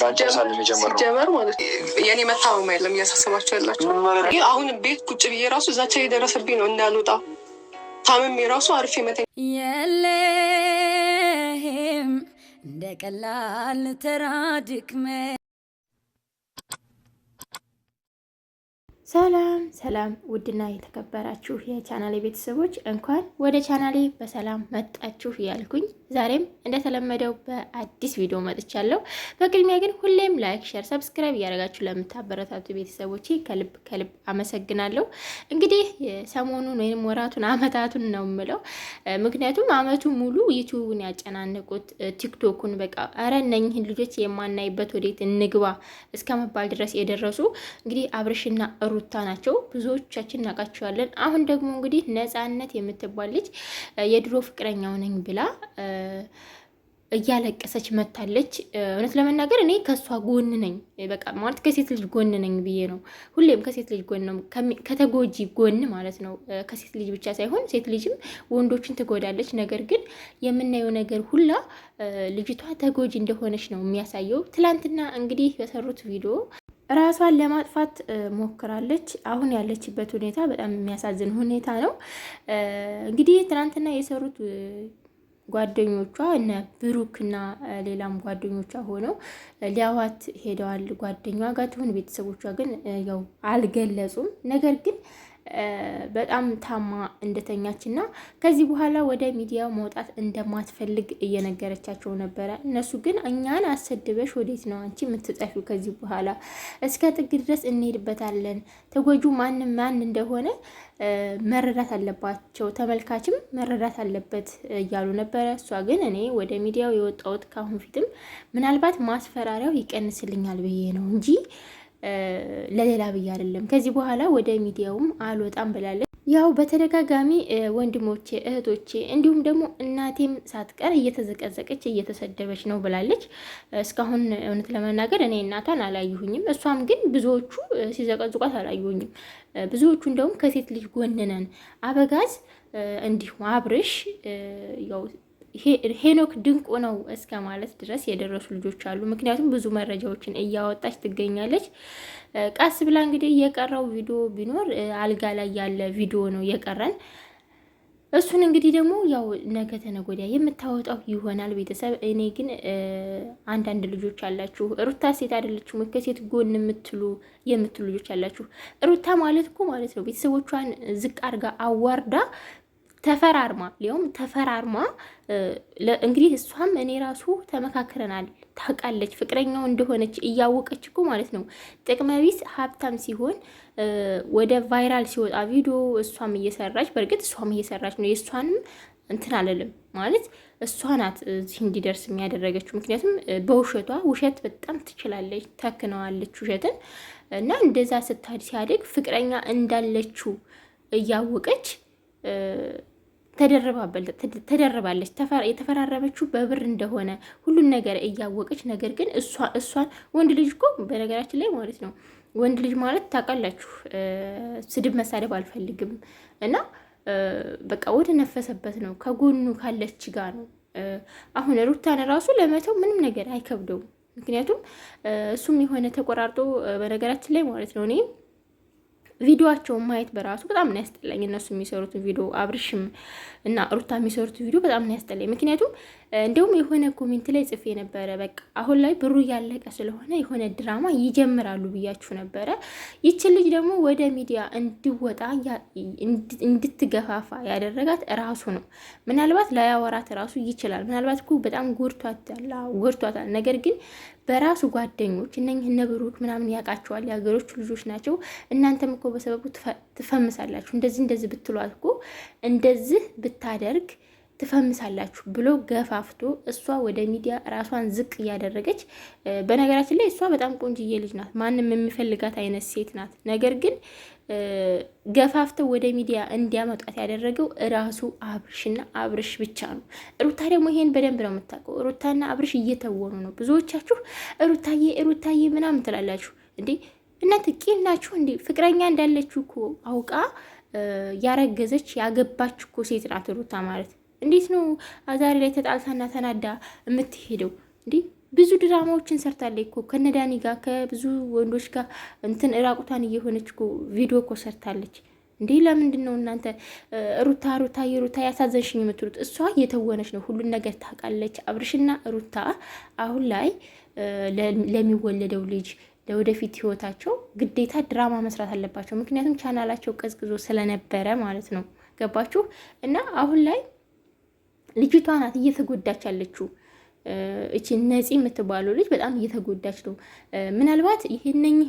ሲጀመር ማለት የኔ መታመም የለም። እያሳሰባቸው ያላቸው አሁን ቤት ቁጭ ብዬ ራሱ እዛቻ የደረሰብኝ ነው እንዳልወጣ ታምም የራሱ አርፌ መተ የለህም እንደ ቀላል ተራ ድክመ ሰላም ሰላም፣ ውድና የተከበራችሁ የቻናሌ ቤተሰቦች እንኳን ወደ ቻናሌ በሰላም መጣችሁ እያልኩኝ ዛሬም እንደተለመደው በአዲስ ቪዲዮ መጥቻለሁ። በቅድሚያ ግን ሁሌም ላይክ፣ ሸር፣ ሰብስክራይብ እያደረጋችሁ ለምታበረታቱ ቤተሰቦች ከልብ ከልብ አመሰግናለሁ። እንግዲህ ሰሞኑን ወይም ወራቱን አመታቱን ነው የምለው፣ ምክንያቱም አመቱ ሙሉ ዩቱቡን ያጨናነቁት ቲክቶኩን፣ በቃ ኧረ እነኝህን ልጆች የማናይበት ወዴት እንግባ እስከመባል ድረስ የደረሱ እንግዲህ አብርሽና ሩታ ናቸው። ብዙዎቻችን እናውቃቸዋለን። አሁን ደግሞ እንግዲህ ነፃነት የምትባል ልጅ የድሮ ፍቅረኛው ነኝ ብላ እያለቀሰች መታለች። እውነት ለመናገር እኔ ከእሷ ጎን ነኝ፣ በቃ ማለት ከሴት ልጅ ጎን ነኝ ብዬ ነው። ሁሌም ከሴት ልጅ ጎን ነው፣ ከተጎጂ ጎን ማለት ነው። ከሴት ልጅ ብቻ ሳይሆን ሴት ልጅም ወንዶችን ትጎዳለች። ነገር ግን የምናየው ነገር ሁላ ልጅቷ ተጎጂ እንደሆነች ነው የሚያሳየው። ትላንትና እንግዲህ በሰሩት ቪዲዮ ራሷን ለማጥፋት ሞክራለች። አሁን ያለችበት ሁኔታ በጣም የሚያሳዝን ሁኔታ ነው። እንግዲህ ትናንትና የሰሩት ጓደኞቿ እነ ብሩክና ሌላም ጓደኞቿ ሆነው ሊያዋት ሄደዋል። ጓደኛዋ ጋር ትሆን ቤተሰቦቿ ግን ያው አልገለጹም። ነገር ግን በጣም ታማ እንደተኛች እና ከዚህ በኋላ ወደ ሚዲያ መውጣት እንደማትፈልግ እየነገረቻቸው ነበረ። እነሱ ግን እኛን አሰድበሽ ወዴት ነው አንቺ የምትጠፊው? ከዚህ በኋላ እስከ ጥግ ድረስ እንሄድበታለን። ተጎጁ ማንም ማን እንደሆነ መረዳት አለባቸው፣ ተመልካችም መረዳት አለበት እያሉ ነበረ። እሷ ግን እኔ ወደ ሚዲያው የወጣሁት ከአሁን ፊትም ምናልባት ማስፈራሪያው ይቀንስልኛል ብዬ ነው እንጂ ለሌላ ብዬ አይደለም ከዚህ በኋላ ወደ ሚዲያውም አልወጣም ብላለች። ያው በተደጋጋሚ ወንድሞቼ፣ እህቶቼ እንዲሁም ደግሞ እናቴም ሳትቀር እየተዘቀዘቀች እየተሰደበች ነው ብላለች። እስካሁን እውነት ለመናገር እኔ እናቷን አላየሁኝም። እሷም ግን ብዙዎቹ ሲዘቀዝቋት አላየሁኝም። ብዙዎቹ እንደውም ከሴት ልጅ ጎንነን አበጋዝ እንዲሁ አብርሽ ያው ሄኖክ ድንቁ ነው እስከ ማለት ድረስ የደረሱ ልጆች አሉ። ምክንያቱም ብዙ መረጃዎችን እያወጣች ትገኛለች። ቀስ ብላ እንግዲህ የቀረው ቪዲዮ ቢኖር አልጋ ላይ ያለ ቪዲዮ ነው የቀረን። እሱን እንግዲህ ደግሞ ያው ነገ ተነጎዳ የምታወጣው ይሆናል። ቤተሰብ እኔ ግን አንዳንድ ልጆች አላችሁ ሩታ ሴት አይደለችም ከሴት ጎን የምትሉ የምትሉ ልጆች አላችሁ። ሩታ ማለት እኮ ማለት ነው ቤተሰቦቿን ዝቅ አድርጋ አዋርዳ ተፈራርማ ሊሆም ተፈራርማ እንግዲህ እሷም እኔ ራሱ ተመካክረናል ታውቃለች ፍቅረኛው እንደሆነች እያወቀች እኮ ማለት ነው። ጥቅመቢስ ሀብታም ሲሆን ወደ ቫይራል ሲወጣ ቪዲዮ እሷም እየሰራች በእርግጥ እሷም እየሰራች ነው። የእሷንም እንትን አለልም ማለት እሷ ናት እዚህ እንዲደርስ የሚያደረገችው። ምክንያቱም በውሸቷ ውሸት በጣም ትችላለች፣ ታክነዋለች ውሸትን እና እንደዛ ስታድ ሲያደግ ፍቅረኛ እንዳለችው እያወቀች ተደርባለች። የተፈራረመችው በብር እንደሆነ ሁሉን ነገር እያወቀች ነገር ግን እሷን ወንድ ልጅ እኮ በነገራችን ላይ ማለት ነው ወንድ ልጅ ማለት ታውቃላችሁ፣ ስድብ መሳደብ አልፈልግም እና በቃ ወደ ነፈሰበት ነው ከጎኑ ካለች ጋር ነው። አሁን ሩታን ራሱ ለመተው ምንም ነገር አይከብደውም። ምክንያቱም እሱም የሆነ ተቆራርጦ በነገራችን ላይ ማለት ነው እኔም ቪዲዮቸውን ማየት በራሱ በጣም ነው ያስጠላኝ። እነሱ የሚሰሩት ቪዲዮ አብርሽም እና ሩታ የሚሰሩት ቪዲዮ በጣም ነው ያስጠላኝ። ምክንያቱም እንዲሁም የሆነ ኮሜንት ላይ ጽፌ ነበረ። በቃ አሁን ላይ ብሩ እያለቀ ስለሆነ የሆነ ድራማ ይጀምራሉ ብያችሁ ነበረ። ይችን ልጅ ደግሞ ወደ ሚዲያ እንዲወጣ እንድትገፋፋ ያደረጋት ራሱ ነው። ምናልባት ላያወራት ራሱ ይችላል። ምናልባት እኮ በጣም ጎድቷታል። ነገር ግን በራሱ ጓደኞች እነኝህ ነብሮች ምናምን ያውቃቸዋል። የሀገሮቹ ልጆች ናቸው። እናንተም እኮ በሰበቡ ትፈምሳላችሁ። እንደዚህ እንደዚህ ብትሏት እኮ እንደዚህ ብታደርግ ትፈምሳላችሁ ብሎ ገፋፍቶ እሷ ወደ ሚዲያ ራሷን ዝቅ እያደረገች በነገራችን ላይ እሷ በጣም ቆንጅዬ ልጅ ናት፣ ማንም የሚፈልጋት አይነት ሴት ናት። ነገር ግን ገፋፍተው ወደ ሚዲያ እንዲያመጧት ያደረገው እራሱ አብርሽና አብርሽ ብቻ ነው። ሩታ ደግሞ ይሄን በደንብ ነው የምታውቀው። ሩታና አብርሽ እየተወኑ ነው። ብዙዎቻችሁ ሩታዬ ሩታዬ ምናምን ትላላችሁ እንዴ እናንተ ቂል ናችሁ እንዴ? ፍቅረኛ እንዳለችው እኮ አውቃ ያረገዘች ያገባች እኮ ሴት ናት ሩታ ማለት እንዴት ነው ዛሬ ላይ ተጣልታና ተናዳ የምትሄደው? እንዲህ ብዙ ድራማዎችን ሰርታለች እኮ ከነዳኒ ጋር ከብዙ ወንዶች ጋር እንትን እራቁቷን እየሆነች እኮ ቪዲዮ እኮ ሰርታለች። እንዴ ለምንድን ነው እናንተ ሩታ ሩታ የሩታ ያሳዘንሽኝ የምትሉት? እሷ እየተወነች ነው፣ ሁሉን ነገር ታውቃለች። አብርሽና ሩታ አሁን ላይ ለሚወለደው ልጅ ለወደፊት ህይወታቸው ግዴታ ድራማ መስራት አለባቸው። ምክንያቱም ቻናላቸው ቀዝቅዞ ስለነበረ ማለት ነው። ገባችሁ? እና አሁን ላይ ልጅቷ ናት እየተጎዳች ያለችው እቺ ነፂ የምትባለው ልጅ በጣም እየተጎዳች ነው። ምናልባት ይሄነኝህ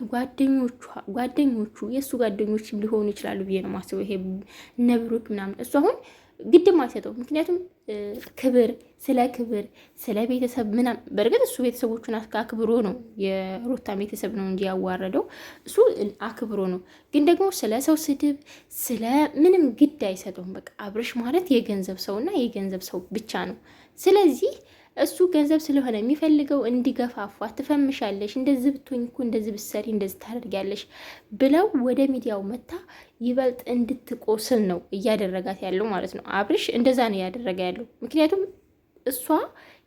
ጓደኞቹ የእሱ ጓደኞች ሊሆኑ ይችላሉ ብዬ ነው ማስበው። ይሄ እነ ብሩክ ምናምን እሱ አሁን ግድም አይሰጠው። ምክንያቱም ክብር ስለ ክብር ስለ ቤተሰብ ምናምን፣ በእርግጥ እሱ ቤተሰቦቹን አክብሮ ነው የሩታ ቤተሰብ ነው እንጂ ያዋረደው እሱ አክብሮ ነው። ግን ደግሞ ስለ ሰው ስድብ ስለ ምንም ግድ አይሰጠውም። በቃ አብርሽ ማለት የገንዘብ ሰውና የገንዘብ ሰው ብቻ ነው። ስለዚህ እሱ ገንዘብ ስለሆነ የሚፈልገው እንዲገፋፏ ትፈምሻለሽ፣ እንደዚህ ብትሆኝ እኮ እንደዚህ ብትሰሪ፣ እንደዚህ ታደርጊያለሽ ብለው ወደ ሚዲያው መታ ይበልጥ እንድትቆስል ነው እያደረጋት ያለው ማለት ነው። አብርሽ እንደዛ ነው እያደረገ ያለው። ምክንያቱም እሷ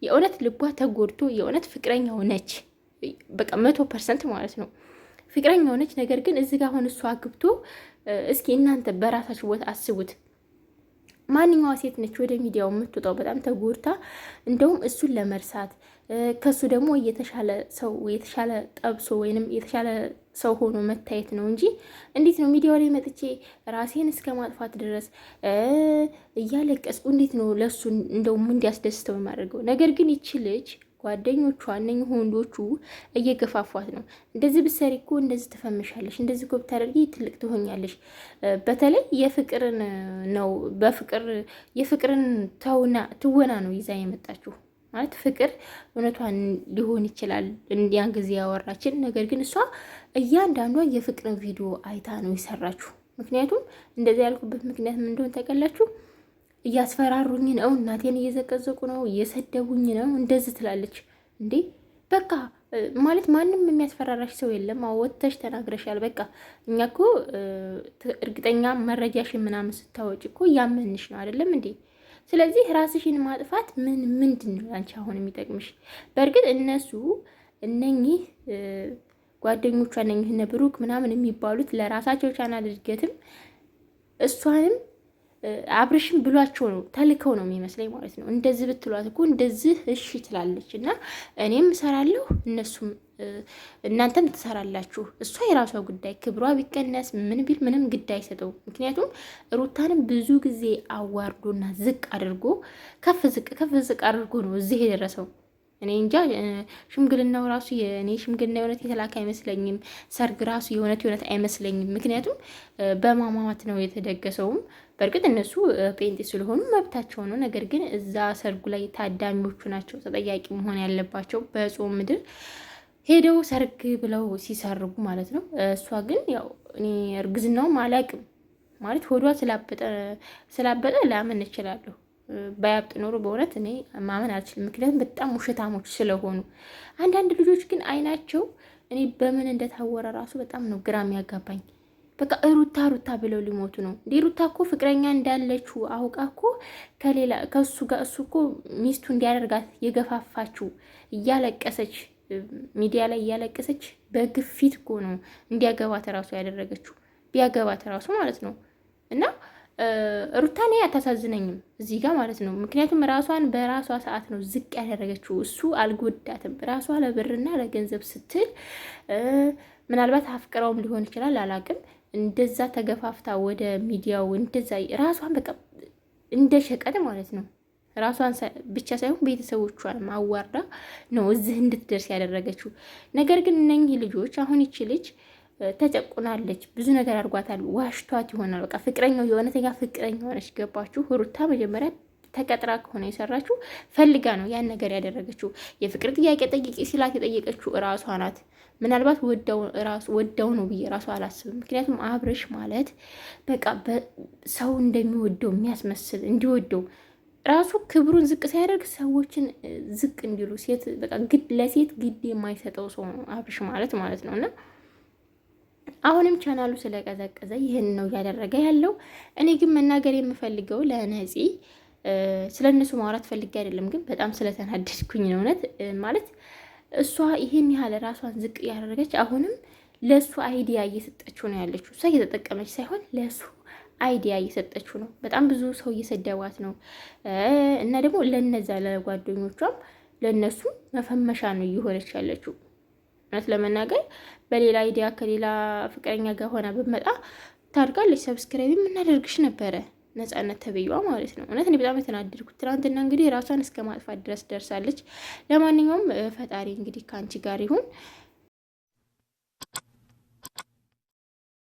የእውነት ልቧ ተጎድቶ የእውነት ፍቅረኛው ነች፣ በቃ መቶ ፐርሰንት ማለት ነው ፍቅረኛው ነች። ነገር ግን እዚህ ጋር አሁን እሷ ግብቶ እስኪ እናንተ በራሳችሁ ቦታ አስቡት። ማንኛዋ ሴት ነች ወደ ሚዲያው የምትወጣው በጣም ተጎድታ፣ እንደውም እሱን ለመርሳት ከሱ ደግሞ የተሻለ ሰው የተሻለ ጠብሶ ወይንም የተሻለ ሰው ሆኖ መታየት ነው እንጂ እንዴት ነው ሚዲያው ላይ መጥቼ ራሴን እስከ ማጥፋት ድረስ እያለቀስኩ እንዴት ነው ለሱ እንደውም እንዲያስደስተው የማደርገው ነገር ግን ይቺ ልጅ ጓደኞቿ እነኝህ ወንዶቹ እየገፋፏት ነው። እንደዚህ ብትሰሪ እኮ እንደዚህ ትፈምሻለሽ፣ እንደዚህ እኮ ብታደርጊ ትልቅ ትሆኛለሽ። በተለይ የፍቅርን ነው በፍቅር የፍቅርን ተውና ትወና ነው ይዛ የመጣችሁ ማለት ፍቅር እውነቷን ሊሆን ይችላል ያን ጊዜ ያወራችን። ነገር ግን እሷ እያንዳንዷ የፍቅርን ቪዲዮ አይታ ነው የሰራችሁ። ምክንያቱም እንደዚህ ያልኩበት ምክንያት ምን እንደሆነ ታውቃላችሁ? እያስፈራሩኝ ነው፣ እናቴን እየዘቀዘቁ ነው፣ እየሰደቡኝ ነው፣ እንደዚህ ትላለች እንዴ። በቃ ማለት ማንም የሚያስፈራራሽ ሰው የለም። አወተሽ ተናግረሻል። በቃ እኛ እኮ እርግጠኛ መረጃሽን ምናምን ስታወጭ እኮ እያመንሽ ነው አይደለም እንዴ? ስለዚህ ራስሽን ማጥፋት ምን ምንድን ነው አንቺ አሁን የሚጠቅምሽ? በእርግጥ እነሱ እነኚህ ጓደኞቿ እነኚህ እነ ብሩክ ምናምን የሚባሉት ለራሳቸው ቻናል እድገትም እሷንም አብርሽም ብሏቸው ነው ተልከው ነው የሚመስለኝ ማለት ነው። እንደዚህ ብትሏት እኮ እንደዚህ እሺ ትላለች። እና እኔም እሰራለሁ እነሱም እናንተም ትሰራላችሁ። እሷ የራሷ ጉዳይ ክብሯ ቢቀነስ ምን ቢል ምንም ግድ አይሰጠው። ምክንያቱም ሩታንም ብዙ ጊዜ አዋርዶና ዝቅ አድርጎ ከፍ ዝቅ ከፍ ዝቅ አድርጎ ነው እዚህ የደረሰው። እኔ እንጃ ሽምግልናው ራሱ የእኔ ሽምግልና የእውነት የተላከ አይመስለኝም። ሰርግ ራሱ የእውነት የእውነት አይመስለኝም። ምክንያቱም በማማማት ነው የተደገሰውም በእርግጥ እነሱ ጴንጤ ስለሆኑ መብታቸው ነው። ነገር ግን እዛ ሰርጉ ላይ ታዳሚዎቹ ናቸው ተጠያቂ መሆን ያለባቸው በጾም ምድር ሄደው ሰርግ ብለው ሲሰርጉ ማለት ነው። እሷ ግን ያው እኔ እርግዝናውም አላቅም ማለት ሆዷ ስላበጠ ላምን እችላለሁ። ባያብጥ ኖሮ በእውነት እኔ ማመን አልችልም። ምክንያቱም በጣም ውሸታሞች ስለሆኑ አንዳንድ ልጆች ግን አይናቸው እኔ በምን እንደታወረ ራሱ በጣም ነው ግራ የሚያጋባኝ። በቃ ሩታ ሩታ ብለው ሊሞቱ ነው እንዴ? ሩታ እኮ ፍቅረኛ እንዳለችው አውቃ እኮ ከሌላ ከእሱ ጋር እሱ እኮ ሚስቱ እንዲያደርጋት የገፋፋችው እያለቀሰች ሚዲያ ላይ እያለቀሰች በግፊት እኮ ነው እንዲያገባት ራሱ ያደረገችው ቢያገባት ራሱ ማለት ነው። እና ሩታ እኔ አታሳዝነኝም እዚህ ጋር ማለት ነው። ምክንያቱም ራሷን በራሷ ሰዓት ነው ዝቅ ያደረገችው። እሱ አልጎዳትም። ራሷ ለብርና ለገንዘብ ስትል ምናልባት አፍቅረውም ሊሆን ይችላል አላቅም እንደዛ ተገፋፍታ ወደ ሚዲያው እንደዛ ራሷን በቃ እንደ ሸቀጥ ማለት ነው ራሷን ብቻ ሳይሆን ቤተሰቦቿን አዋርዳ ነው እዚህ እንድትደርስ ያደረገችው። ነገር ግን እነኚህ ልጆች አሁን ይቺ ልጅ ተጨቁናለች፣ ብዙ ነገር አድርጓታል፣ ዋሽቷት ይሆናል። በቃ ፍቅረኛው የእውነተኛ ፍቅረኛ ሆነች። ገባችሁ? ሩታ መጀመሪያ ተቀጥራ ከሆነ የሰራችው ፈልጋ ነው ያን ነገር ያደረገችው። የፍቅር ጥያቄ ጠይቂ ሲላት የጠየቀችው እራሷ ናት። ምናልባት ወደው ነው ብዬ ራሱ አላስብም። ምክንያቱም አብርሽ ማለት በቃ ሰው እንደሚወደው የሚያስመስል እንዲወደው ራሱ ክብሩን ዝቅ ሲያደርግ ሰዎችን ዝቅ እንዲሉ ሴት በቃ ለሴት ግድ የማይሰጠው ሰው ነው አብርሽ ማለት ማለት ነው እና አሁንም ቻናሉ ስለቀዘቀዘ ይህን ነው እያደረገ ያለው። እኔ ግን መናገር የምፈልገው ለነፂ ስለ እነሱ ማውራት ፈልጌ አይደለም፣ ግን በጣም ስለተናደድኩኝ ነው እውነት ማለት እሷ ይሄን ያህል ራሷን ዝቅ ያደረገች አሁንም ለእሱ አይዲያ እየሰጠችው ነው ያለችው። እሷ እየተጠቀመች ሳይሆን ለእሱ አይዲያ እየሰጠችው ነው። በጣም ብዙ ሰው እየሰደዋት ነው እና ደግሞ ለነዛ ለጓደኞቿም ለእነሱ መፈመሻ ነው እየሆነች ያለችው። እውነት ለመናገር በሌላ አይዲያ ከሌላ ፍቅረኛ ጋር ሆና ብመጣ ታድጋለች፣ ሰብስክራይብ የምናደርግሽ ነበረ ነጻነት ተብዬዋ ማለት ነው። እውነት እኔ በጣም የተናደድኩት ትናንትና እንግዲህ ራሷን እስከ ማጥፋት ድረስ ደርሳለች። ለማንኛውም ፈጣሪ እንግዲህ ከአንቺ ጋር ይሁን።